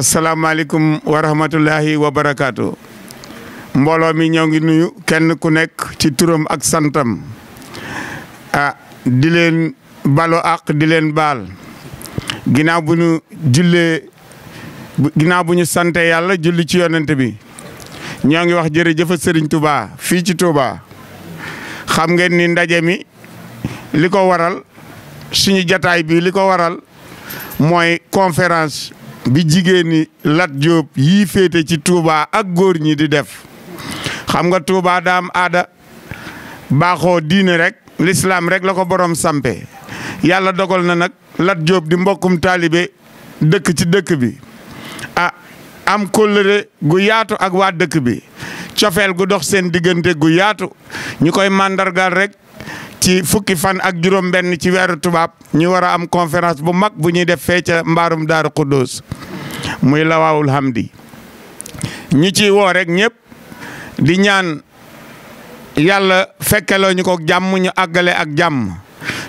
asalaamaaleykum wa rahmatullahi wa barakaatu mbooloo mi ñoo ngi nuyu kenn ku nekk ci turam ak santam a di leen balo ak di leen baal ginnaaw bu ñu jullee ginnaaw bu ñu sante yàlla julli ci yonent bi ñoo ngi wax jërëjëf sëriñ Touba fii ci Touba xam ngeen ni ndaje mi li ko waral suñu jataay bi li ko waral mooy conférence. bi jigéeni Lat jóob yii féete ci Touba ak góor ñi di def xam nga Touba daam aada baaxoo diine rekk lislaam rek la ko boroom sampe yàlla dogal na nag Lat jóob di mbokkum taalibe dëkk ci dëkk bi ah am kóllëre gu yaatu ak waa dëkk bi cofeel gu dox seen diggante gu yaatu ñu koy màndargal rekk ci fukki fan ak juróom-benn ci weeru tubaab ñu war a am conférence bu mag bu ñuy def fee ca mbaarum daaru Khuddoos muy lawaawul hamdi ñu ci woo rek ñëpp di ñaan yàlla fekkeloo ñu ko jàmm ñu àggale ak jàmm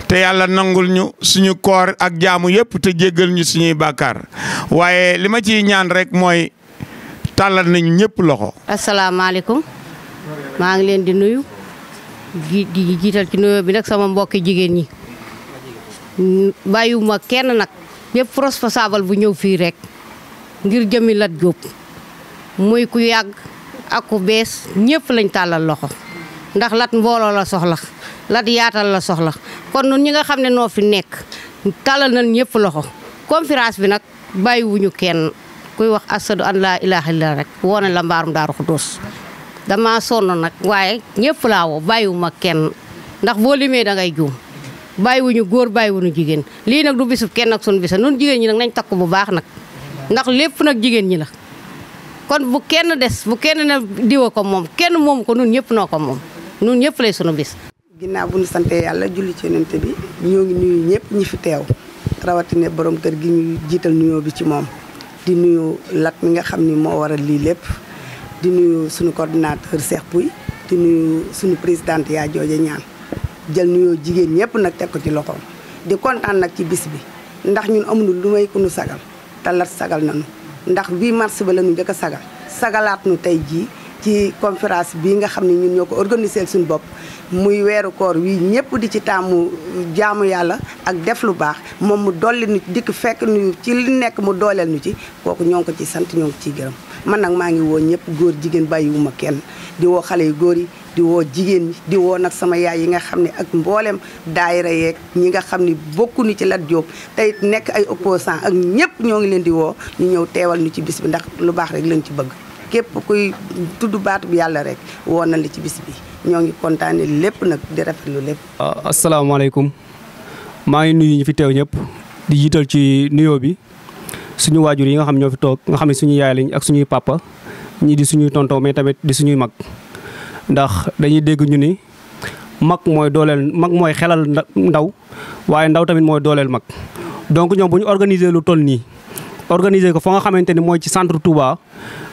te yàlla nangul ñu suñu koor ak jaamu yëpp te jéggal ñu suñuy bàkkaar waaye li ma ci ñaan rek mooy tàllal nañu ñëpp loxo. asalaamaaleykum maa ngi leen di nuyu. di jiital ci nuyoo bi nag sama mbokki jigéen ñi bàyyiwuma kenn nag ñëpp saabal bu ñëw fii rekk ngir jëmmi Lat Diop muy ku yàgg ak ku bees ñëpp lañ tàllal loxo ndax Lat mbooloo la soxla Lat yaatal la soxla kon nun ñi nga xam ne noo fi nekk tàllal nañ ñëpp loxo conférence bi nag bàyyiwuñu kenn kuy wax asadu an laa ilaaha illa rek woone la mbaarum daaru xudóos damaa sonn nag waaye ñëpp laa woo bàyyiwuma kenn ndax boo limee da ngay juum bàyyiwuñu góor bàyyiwuñu jigéen lii nag du bisub kenn ak sunu bisa nun jigéen ñi nag nañ takk bu baax nag ndax lépp nag jigéen ñi la kon bu kenn des bu kenn ne diwa ko moom kenn moom ko nun ñëpp noo ko moom nun ñëpp lay sunu bis ginnaaw bu ñu sante yàlla julli ci yonent bi ñoo ngi nuyu ñëpp ñi fi teew rawatina boroom kër gi ñu jiital nuyoo bi ci moom di nuyu lat mi nga xam ni moo waral lii lépp di nuyu suñu coordinateur Cheikh Pouy di nuyu suñu présidente yaa jooja ñaan jël nuyoo jigéen ñëpp nag teg ko ci loxoom di kontaan nag ci bis bi ndax ñun amul lu may ku nu sagal te sagal nanu ndax 8 mars ba la ñu a sagal sagalaat nu tey jii ci conférence bii nga xam ne ñun ñoo ko organisé suñu bopp muy weeru koor wii ñëpp di ci taamu jaamu yàlla ak def lu baax moom mu dolli nu dikk fekk nu ci li nekk mu dooleel nu ci kooku ñoo ngi ko ci sant ñoo ngi ciy gërëm man nag maa ngi woo ñëpp góor jigéen bàyyiwuma kenn di woo xale yu góor yi di woo jigéen ñi di woo nag sama yaay yi nga xam ne ak mbooleem daayira yeeg ñi nga xam ni bokkuñu ci Lat Diop tey nekk ay opposant ak ñëpp ñoo ngi leen di woo ñu ñëw teewal ñu ci bis bi ndax lu baax rek lañ ci bëgg képp kuy tudd baatu bi yàlla rek woo na la ci bis ñoo ngi kontaane lépp nag di rafetlu lépp. Ah, asalaamaaleykum maa ngi nuyu ñu fi teew ñëpp di jiital ci nuyoo bi suñu waajur yi nga xam ñoo fi toog nga xam ne suñu yaay lañ ak suñuy pàppa ñii di suñuy tonton mais tamit di suñuy mag ndax dañuy dégg ñu ni mag mooy dooleel mag mooy xelal ndaw waaye ndaw tamit mooy dooleel mag donc ñoom bu ñu organiser lu toll nii organiser ko fa nga xamante ni mooy ci centre Touba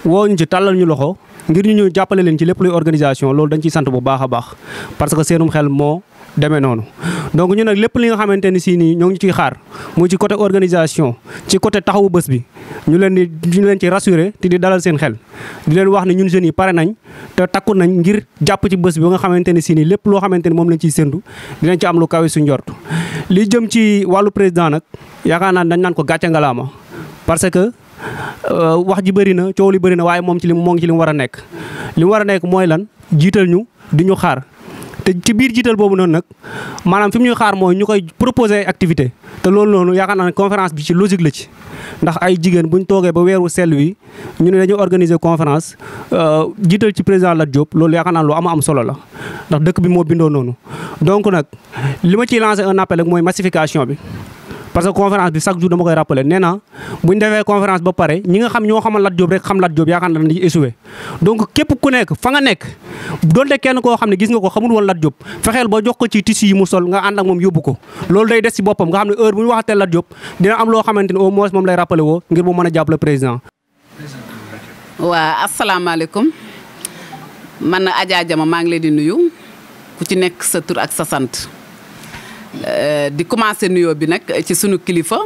woo ñu ci tàllal ñu loxo. ngir ñu ñëw jàppale leen ci lépp luy organisation loolu dañ ciy sant bu baax baax parce que seenum xel moo demee noonu donc ñu nag lépp li nga xamante ni si nii ñoo ngi ciy xaar muy ci côté organisation ci côté taxawu bés bi ñu leen di ñu leen ci rassurer te di dalal seen xel di leen wax ne ñun jeunes yi pare nañ te takku nañ ngir jàpp ci bës bi ba nga xamante ni si nii lépp loo xamante ni moom lañ ciy séntu dinañ ci am lu kawe su njort li jëm ci wàllu président nag yaakaar naa dañ naan ko gàcce ngalaama parce que Euh, wax ji bëri na coow li bëri na waaye moom ci li moo ngi ci li mu war a nekk li mu war a nekk mooy lan jiital ñu di ñu xaar te ci biir jiital boobu noonu nag maanaam fi mu xaar mooy ñu koy proposer activité te loolu noonu yaakaar naa ne conférence bi ci logique la ci ndax ay jigéen bu ñu toogee ba weeru sel wi ñu ne dañuy organiser conférence euh, jiital ci président Lat Diop loolu yaakaar naa lu am am solo la ndax dëkk bi moo bindoo noonu donc nag li ma ciy lancer en appel mooy massification bi parce que conférence bi chaque jour dama koy rappelé nee naa bu ñu defee conférence ba pare ñi nga xam ñoo xamal Lat Diop rek xam Lat Diop yaakaar naa dañuy échoué donc képp ku nekk fa nga nekk donte kenn koo xam ne gis nga ko xamul woon Lat Diop fexeel ba jox ko ci tissu yi mu sol nga ànd ak moom yóbbu ko loolu day des si boppam nga xam ne heure bu ñu waxatee Lat Diop dina am loo xamante ne au moins moom lay rappelé woo ngir mu mën a jàppale président. waa asalaamaaleykum man Adja Jama maa ngi leen di nuyu ku ci nekk sa tur ak sa sant. Euh, di commencé nuyoo bi nag ci suñu kilifa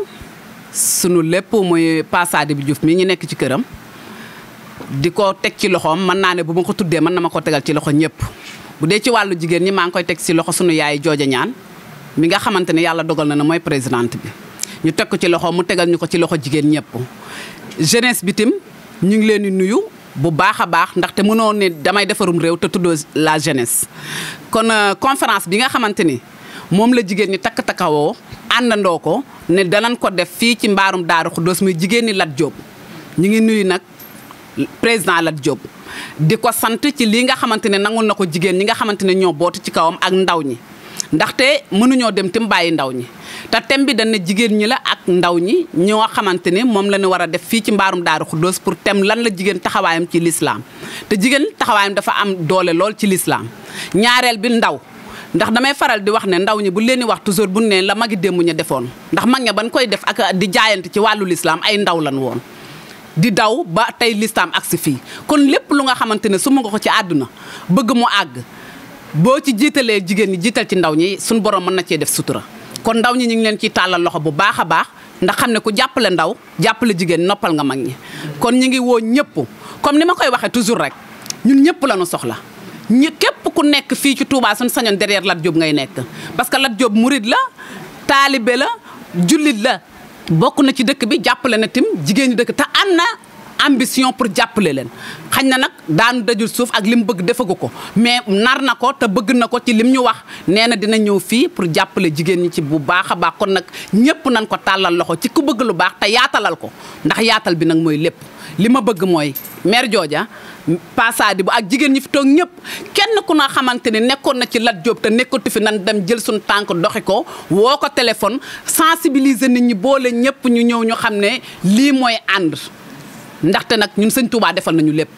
sunu lépp muy Pa Sadibou Diouf mii ñu nekk ci këram di ko teg ci loxoom mën naa ne bu ma ko tuddee mën na ma ko tegal ci loxo ñëpp bu dee ci wàllu jigéen ñi maa ngi koy teg ci loxo sunu yaay jooja ñaan mi nga xamante ne yàlla dogal na ne mooy présidente bi ñu teg ko ci loxo mu tegal ñu ko ci loxo jigéen ñëpp jeunesse bitim ñu ngi leen di nuyu bu baax a baax ndaxte mënoo ne damay defarum réew te tuddoo la jeunesse kon euh, conférence bi nga xamante ni moom la jigéen ñi takk takkawoo àndandoo ko ne danañ ko def fii ci mbaarum Daaru Xuddoos muy jigéen ñi Lat Diop ñu ngi nuyu nag président Lat Diop di ko sant ci lii nga xamante ne nangul na ko jigéen ñi nga xamante ne ñoo bootu ci kawam ak ndaw ñi ndaxte mënuñoo dem tam bàyyi ndaw ñi te thème bi dañ ne jigéen ñi la ak ndaw ñi ñoo xamante ne moom la ñu war a def fii ci mbaarum Daaru Xuddoos pour thème lan la jigéen taxawaayam ci lislaam te jigéen taxawaayam dafa am doole lool ci lislaam ñaareel bi ndaw ndax damay faral di wax ne ndaw ñi bu leen wax toujours bu ne la magi démb ña defoon ndax mag ña ban koy def ak di jaayante ci wàllu lislaam ay ndaw lan woon di daw ba tey lislaam ak si fii kon lépp lu nga xamante ne su ma nga ko ci àdduna bëgg mu àgg boo ci jiitalee jigéen ñi jiital ci ndaw ñi suñu borom mën na cee def sutura kon ndaw ñi ñu ngi leen ciy tàllal loxo bu baax a baax ndax xam ne ku jàppale ndaw jàppale jigéen noppal nga mag ñi kon ñu ngi woo ñëpp comme ni ma koy waxee toujours rek ñun ñëpp lañu soxla ñi képp ku nekk fii ci Touba suñ sañoon derrière Lat Diop ngay nekk parce que Lat Diop murid la taalibe la jullit la bokk na ci dëkk bi jàppale na tim jigéen ñi dëkk te am na ambition pour jàppale leen xañ na nag daanu dajul suuf ak li mu bëgg defagu ko mais nar na ko te bëgg na ko ci lim ñu wax nee na dina ñëw fii pour jàppale jigéen ñi ci bu baax a baax kon nag ñëpp nañ ko tàllal loxo ci ku bëgg lu baax te yaatalal ko ndax yaatal bi nag mooy lépp li ma bëgg mooy maire jooja pasadi bu ak jigéen ñi fi toog ñëpp kenn ku na xamante ni nekkoon na ci Lat Diop te nekkatu fi nan dem jël suñu tànk doxi ko woo ko téléphone sensibiliser nit ñi boole ñëpp ñu ñëw ñu xam ne lii mooy ànd ndaxte nag ñun sëñ Touba defal nañu lépp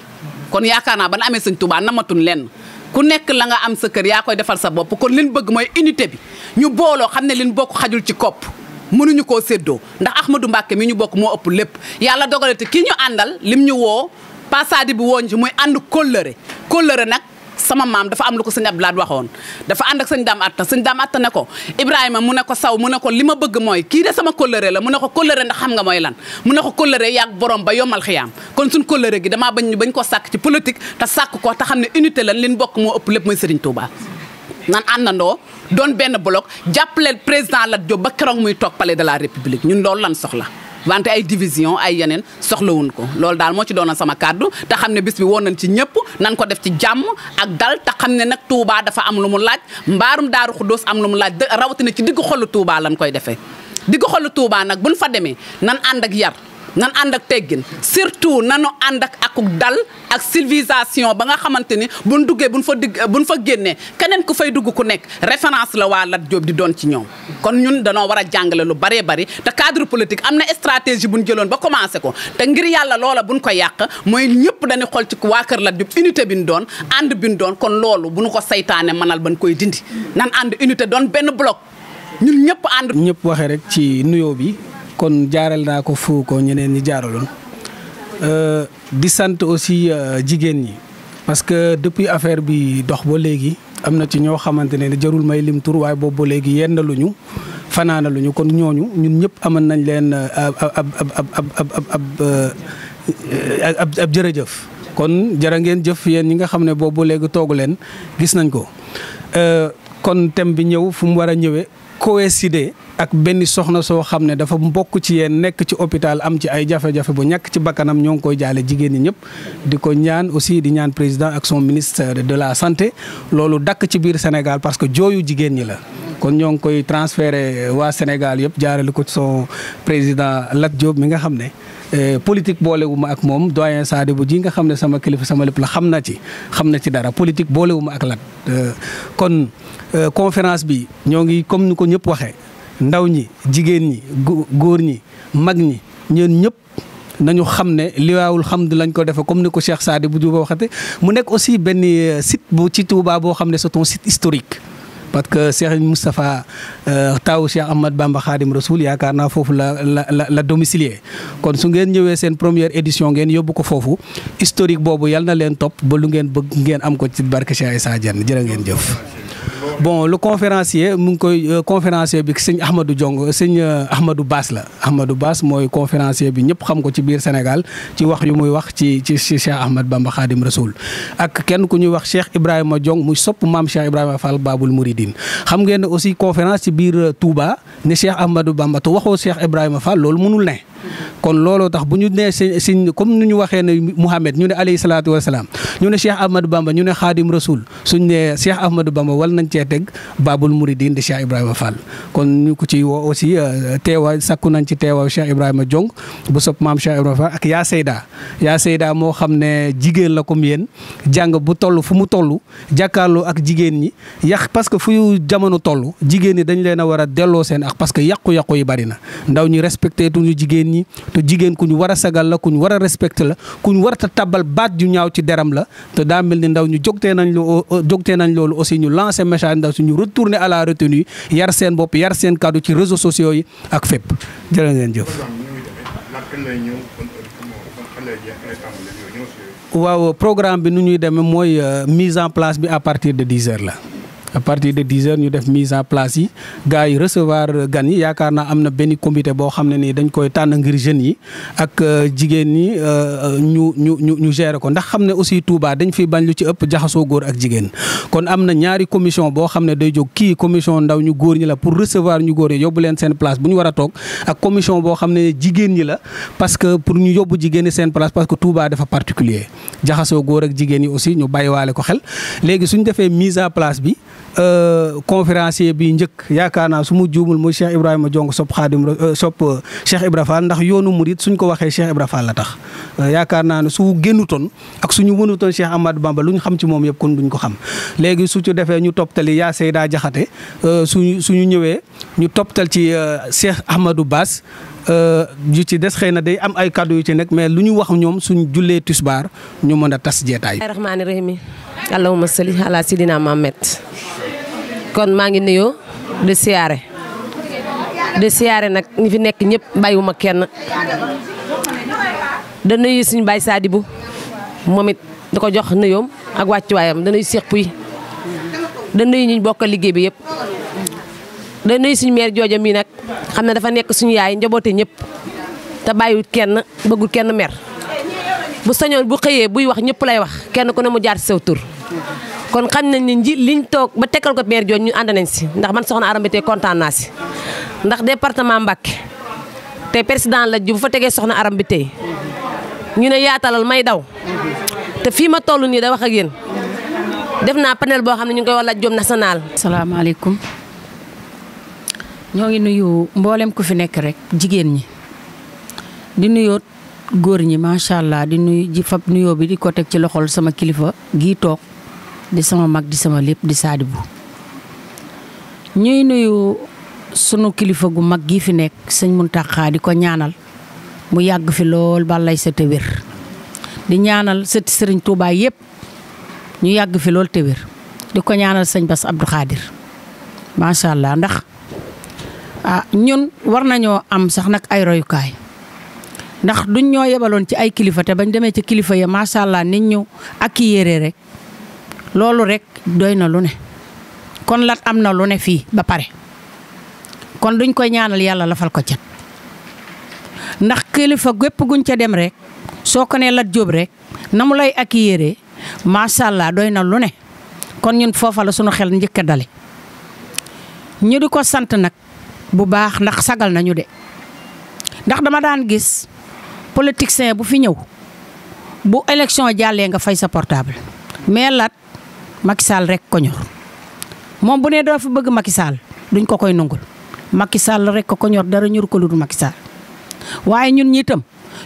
kon yaakaar naa ba na amee sëñ Touba namatuñ lenn ku nekk la nga am sa kër yaa koy defal sa bopp kon leen bëgg mooy unité bi ñu booloo xam ne leen bokk xajul ci kopp mënuñu koo séddoo ndax Ahmadou Mbacke mi ñu bokk moo ëpp lépp yàlla dogale te kii ñu àndal lim ñu woo passadi bi woon ci muy ànd kóllëre kóllëre nag sama maam dafa am lu ko sëñ Abdou Lahad waxoon dafa ànd ak sëñ daam atta sëñ daam atta ne ko Ibrahima mu ne ko saw mu ne ko li ma bëgg mooy kii de sama kóllëre la mu ne ko kóllëre ndax xam nga mooy lan mu ne ko kóllëre yàgg borom ba yomal xiyaam kon suñ kóllëre gi damaa bañ ñu bañ ko sàkk ci politique te sàkk ko te xam ne unité lan liñ bokk moo ëpp lépp mooy Serigne Touba nan àndandoo doon benn jàpp leen président la Diop ba keroog muy toog palais de la république ñun loolu lan soxla wante ay division ay yeneen soxlawuñ ko loolu daal moo ci doonoon sama kàddu te xam ne bis bi woon nañ ci ñëpp nan ko def ci jàmm ak dal ta xam ne nag Touba dafa am lu mu laaj mbaarum Daaru Xuddoos am lu mu laaj rawatina ci diggu xolu Touba lañ koy defee diggu xolu Touba nag buñ fa demee nan ànd ak yar nan ànd ak teggin surtout nanu ànd ak akuk dal ak civilisation ba nga xamante ni buñ duggee buñ fa digg buñ fa génnee keneen ku fay dugg ku nekk référence la waa Lat Diop di doon ci ñoom. kon ñun danoo war a jàngale lu baree bari te cadre politique am na stratégie buñ jëloon ba commencé ko te ngir yàlla loola buñ ko yàq mooy ñëpp dañu xool ci waa kër Lat Diop unité bi ñu doon ànd bin ñu doon kon loolu bu ko saytaane manal ba koy dindi nan ànd unité doon benn bloc ñun ñëpp ànd. ñëpp waxee rek ci nuyoo bi. kon jaaral naa ko fu ko ñeneen ñi jaaraloon euh, di sant aussi euh, jigéen ñi parce que depuis affaire bi dox ba léegi am na ci ñoo xamante ne jarul may lim tur waaye boobu ba léegi yenn ñu fanaana ñu kon ñooñu ñun ñëpp amal nañ leen euh, ab ab ab ab jërëjëf kon jërë ngeen jëf yéen ñi nga xam ne boobu ba léegi toogu leen gis nañ ko kon thème bi ñëw fu mu war a ñëwee coïncider ak benn soxna soo xam ne dafa mbokk ci yéen nekk ci hôpital am ci ay jafe-jafe bu ñàkk ci bakkanam ñoo ngi koy jaale jigéen ñi ñëpp di ko ñaan aussi di ñaan président ak son ministère de la santé loolu dakk ci biir Sénégal parce que jooyu jigéen ñi la kon ñoo ngi koy transféré waa Sénégal yëpp jaarale ko ci son président Lat Diop mi nga xam ne Euh, politique boolewu ak moom doyen bu ji nga xam ne sama kilifa sama lépp la xam na ci xam na ci dara politique boolewuma ak lat euh, kon euh, conférence bi ñoo ngi comme ni ko ñëpp waxee ndaw ñi jigéen ñi góor ñi mag ñi ñeen ñëpp nañu xam ne liwaawul xamdu lañ ko defee comme ni ko Cheikh Sadibou Diouf waxate mu nekk aussi benn site bu ci tuubaa boo xam ne c'est un site historique parce que Cheikh Moustapha euh, taawu Cheikh Ahmad Bamba Khadim Rasoul yaakaar naa foofu la la la la domicilier kon su ngeen ñëwee seen première édition ngeen yóbbu ko foofu historique boobu yal na leen topp ba lu ngeen bëgg ngeen am ko ci barke Cheikh Issa Diène jërë ngeen jëf. bon lu conférencier mu ngi koy euh, conférencier bi sëñ ahmadu jong euh, sëñ euh, Ahmadou Bass la Ahmadou Bass mooy conférencier bi ñëpp xam ko ci biir Sénégal ci wax yu muy wax ci ci Cheikh Ahmad Bamba Khadim Rasoul ak kenn ku ñuy wax Cheikh Ibrahima Diong mu sopp maam Cheikh Ibrahima Fall Babul Mouridine xam ngeen ne aussi conférence ci biir Touba ni Cheikh Ahmadou Bamba te waxoo Cheikh Ibrahima Fall loolu mënul ne kon looloo tax bu ñu nee si comme ni ñu waxee ne Mouhamed ñu ne alayhi salaatu wa salaam ñu ne Cheikh Ahmadou Bamba ñu ne Xaadim Rasoul suñ ne Cheikh Ahmadou Bamba wal nañ cee teg Babul Mouridine de Cheikh Ibrahima Fall. kon ñu ko ci woo aussi euh, teewaay sakku nañ ci teewaayu Cheikh Ibrahima Diong bu sopp maam Cheikh Ibrahima Fall ak yaa Seyda yaa Seyda moo xam ne jigéen la comme yéen jàng bu toll fu mu toll jàkkaarloo ak jigéen ñi yàq parce que fu jamono toll jigéen ñi dañ leen a war a delloo seen ak parce que yàqu-yàqu yi bari na te jigéen ku ñu war a sagal la ku ñu war a respecté la ku ñu war a tabbal baat ju ñaaw ci deram la te daa mel ni ndaw ñu jógtee nañ lu jógtee nañ loolu aussi ñu lancé message ndaw suñu retourner à la retenue yar seen bopp yar seen kàddu ci réseaux sociaux yi ak fépp ngeen jëf waaw programme bi nu ñuy demee mooy euh, mise en place bi à partir de dix heures la à de dix heures ñu def mise en place yi gars yi recevoir gan yi yaakaar naa am na benn comité boo xam ne nii dañ koy tànn ngir jeunes yi ak euh, jigéen ñi euh, euh, ñu ñu ñu ñu gérer ko ndax xam ne aussi Touba dañ fi bañ lu ci ëpp jaxasoo góor ak jigéen kon am na ñaari commission boo xam ne day jóg kii commission ndaw ñu góor ñi la pour recevoir ñu góor yi leen seen bu ñu war a toog boo xam ne jigéen ñi la parce que pour ñu yóbbu jigéen ñi seen place parce que Touba dafa particulier jaxasoo góor ak jigéen yi aussi ñu bàyyiwaale ko xel léegi suñ defee mise en place bi Euh, conférencier bi njëkk yaakaar naa su mu juumul mooy Cheikh Ibrahima Jong sopp xaadim euh, sopp euh, Cheikh Ibra Fall ndax yoonu murit suñ ko waxee Cheikh Ibra la tax yaakaar naa ne su génnutoon ak suñu wënutoon Cheikh Ahmadou Bamba lu ñu xam ci moom yëpp kon duñ ko xam léegi su ci defee ñu toptali yaa Seyda Jaxate suñu suñu ñëwee ñu toptal ci Cheikh Ahmadou Bass ju ci des xëy na day am ay kàddu yu ci nekk mais lu ñu wax ñoom suñ jullee tisbaar ñu mën a tas jeetaay rahmaani rahim allahumma salli ala sidina Muhammad kon maa ngi nuyoo di siyaare di siyaare nag ñi fi nekk ñëpp bàyyiwuma kenn da nuyu suñu baay Sadibou moom it da ko jox nuyoom ak wàccuwaayam da nuyu Cheikh Pouy da ñu bokk liggéey bi yëpp da nuyu suñu meer jooja mii nag xam ne dafa nekk suñu yaay njaboote ñëpp te bàyyiwut kenn bëggul kenn mer bu sañoon bu xëyee buy wax ñëpp lay wax kenn ku ne mu jaar si kon xam nañ ne nji liñ toog ba tekkal ko per jooju ñu ànd nañ si ndax man soxna Arame Mbaye kontaan naa si ndax département Mbacké te président la ju bu fa tegee soxna Arame Mbaye ñu ne yaatalal may daw te fii ma toll nii da wax a yéen def naa panel boo xam ne ñu ngi koy wala jom national. asalaamaaleykum ñoo ngi nuyu mboolem ku fi nekk rek jigéen ñi di nuyoo góor ñi macha allah di nuyu ji fab nuyoo bi di ko teg ci loxol sama kilifa gii toog. di sama mag di sama lépp di saadibu ñuy nuyu sunu kilifa gu mag gi fi nekk sëñ Muntaxa di ko ñaanal mu yàgg fi lool balay sa te wér di ñaanal sëti sëriñ Touba yëpp ñu yàgg fi lool te wér di ko ñaanal sëñ Bass Abdou Khadir macha allah ndax a ñun war nañoo am sax nag ay royukaay ndax duñ ñoo yebaloon ci ay kilifa te bañ demee ci kilifa ya macha ni nit ñu ak yére rek. loolu rek doy na lu ne kon lat am na lu ne fii ba pare kon duñ koy ñaanal yàlla lafal ko cat ndax kilifa gépp guñ ca dem rek soo ko nee lat jóob rek na mu lay ak yére macha allah doy na lu ne kon ñun foofa la sunu xel njëkk a dale ñu di ko sant nag bu baax ndax sagal nañu de ndax dama daan gis politicien bu fi ñëw bu élection jàllee nga fay sa portable mais lat Macky Sall rek ko moom bu nee dafa bëgg Macky Sall duñ ko koy nungul Macky Sall rek ko ñor dara ñor ko lu dul Macky waaye ñun ñiitam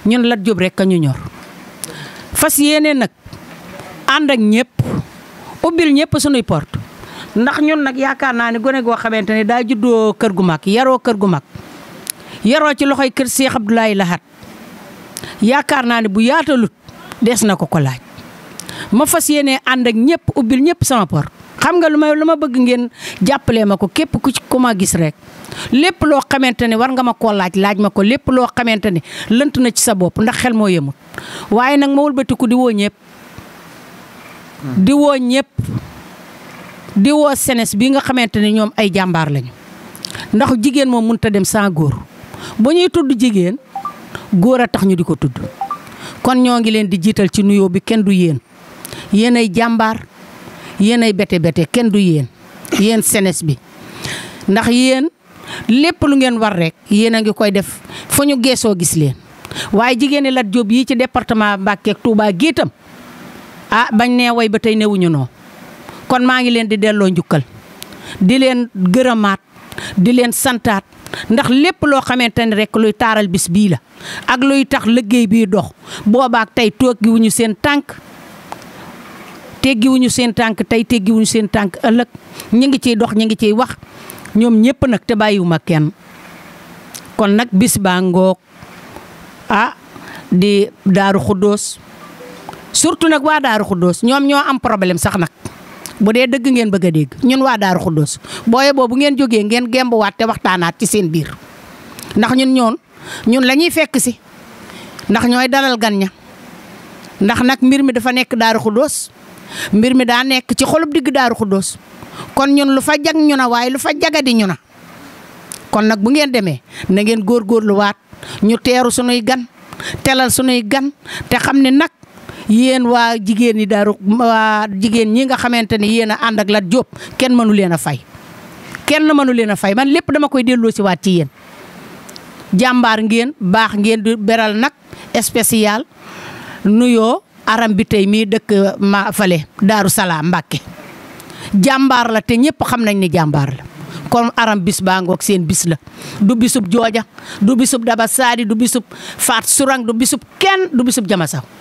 ñun Lat Diop rek ka ñu ñor fas yéene nag ànd ak ñëpp ubbil ñëpp sunuy port ndax ñun nag yaakaar naa ne gone goo xamante ne daa juddoo kër gu mag yaroo kër gu mag yaroo ci loxoy kër Cheikh Abdoulaye Lahat yaakaar naa ne bu yaatalut des na ko ko laaj. ma fas yéene ànd ak ñëpp ubbil ñëpp sama porte xam nga lu may lu ma bëgg ngeen jàppalee ma ko képp ku ci ku ma gis rek lépp loo xamante ne war nga ma ko laaj laaj ma ko lépp loo xamante ne lënt na ci sa bopp ndax xel moo yëmut waaye nag ma wëlbatiku di woo ñëpp. di woo ñëpp di woo senes bi nga xamante ne ñoom ay jàmbaar lañu ndax jigéen moom mënut dem saa góor bu ñuy tudd jigéen góor a tax ñu di ko tudd kon ñoo ngi leen di jiital ci nuyoo bi kenn du yéen. yéen ay jàmbaar yéen ay bete bete kenn du yéen yéen senes bi ndax yéen lépp lu ngeen war rekk yéen a ngi koy def fu ñu geesoo gis leen waaye jigéeni Lat jóob yi ci département Mbacké ak Touba géitam ah bañ nee way ba tey newuñu noo kon maa ngi leen di delloo njukkal di leen gërëmaat di leen santaat ndax lépp loo xamante ni rekk luy taaral bis bii la ak luy tax liggéey bi dox boobaak tey toog gi wuñu seen tànk teggiwuñu seen tànk tey teggiwuñu seen tànk ëllëg ñu ngi ciy dox ñu ngi ciy wax ñoom ñëpp nag te bàyyiwuma kenn kon nag bis baa ngoog ah di daaru xuddoos surtout nag waa daaru xuddoos ñoom ñoo am problème sax nag bu dee dëgg ngeen bëgg a dégg ñun waa daaru xuddoos booye boobu ngeen jógee ngeen gembuwaat te waxtaanaat ci seen biir ndax ñun ñoon ñun lañuy fekk si ndax ñooy dalal gan ña ndax nag mbir mi dafa nekk daaru xuddoos mbir mi daa nekk ci xolub digg daaru xuddoos kon ñun lu fa jag ñu na waaye lu fa jagadi ñu na kon nag bu ngeen demee na ngeen góorgóorluwaat ñu teeru sunuy gan telal sunuy gan te xam ne nag yéen waa jigéen ñi daaru waa jigéen ñi nga xamante ne yéen a ànd ak Lat Diop kenn mënu leen a fay kenn mënu leen a fay man lépp dama koy delloo si waat ci yéen jàmbaar ngeen baax ngeen du beral nag spécial nuyoo aram bi tey mii dëkk ma fale daaru salaam mbàkke jàmbaar la te ñëpp xam nañ ni jàmbaar la kon aram bis seen bis la du bisub jooja du bisub daba saadi du bisub faat surang du bisub kenn du bisub jama saw